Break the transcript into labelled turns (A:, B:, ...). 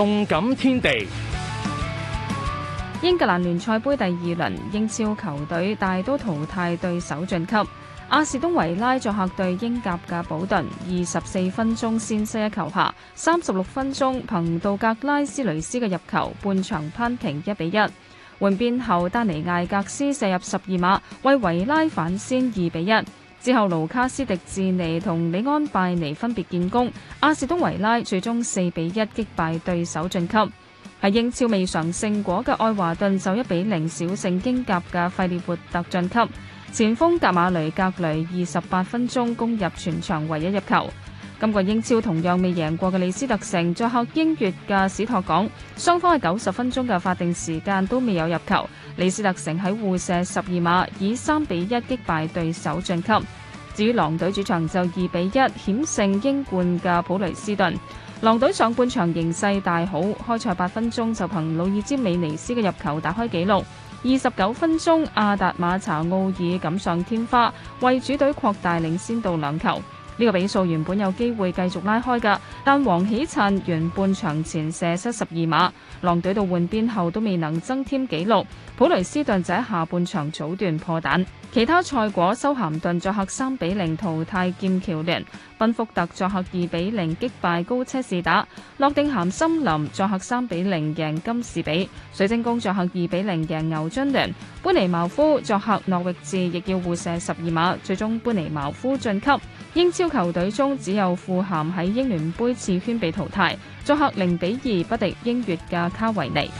A: 動感天地。
B: 英格蘭聯賽盃第二輪英超球隊大多淘汰對手晉級。阿士東維拉作客對英甲嘅保頓，二十四分鐘先失一球下，下三十六分鐘憑道格拉斯雷斯嘅入球，半場扳平一比一。換邊後，丹尼艾格斯射入十二碼，為維拉反先二比一。之後，盧卡斯·迪志尼同里安·拜尼分別建功，阿士東維拉最終四比一擊敗對手晉級。係英超未嘗勝果嘅愛華頓就一比零小勝英甲嘅費列活特晉級，前鋒格馬雷·格雷二十八分鐘攻入全場唯一入球。今、這、季、個、英超同樣未贏過嘅李斯特城，作客英越嘅史托港，雙方喺九十分鐘嘅法定時間都未有入球，李斯特城喺互射十二碼以三比一擊敗對手晉級。至於狼隊主場就二比一險勝英冠嘅普雷斯頓，狼隊上半場形勢大好，開賽八分鐘就憑魯爾詹美尼斯嘅入球打開紀錄，二十九分鐘阿達馬查奧爾錦上添花，為主隊擴大領先到兩球。呢、這個比數原本有機會繼續拉開嘅，但黃喜燦完半場前射失十二碼，狼隊到換邊後都未能增添紀錄。普雷斯頓仔下半場早段破蛋，其他賽果：修咸頓作客三比零淘汰劍橋聯，賓福特作客二比零擊敗高車士打，諾定咸森林作客三比零贏金士比，水晶宮作客二比零贏牛津聯，班尼茅夫作客諾域治亦要互射十二碼，最終班尼茅夫晉級英超。球隊中只有富咸喺英聯杯次圈被淘汰，作客零比二不敵英乙嘅卡維尼。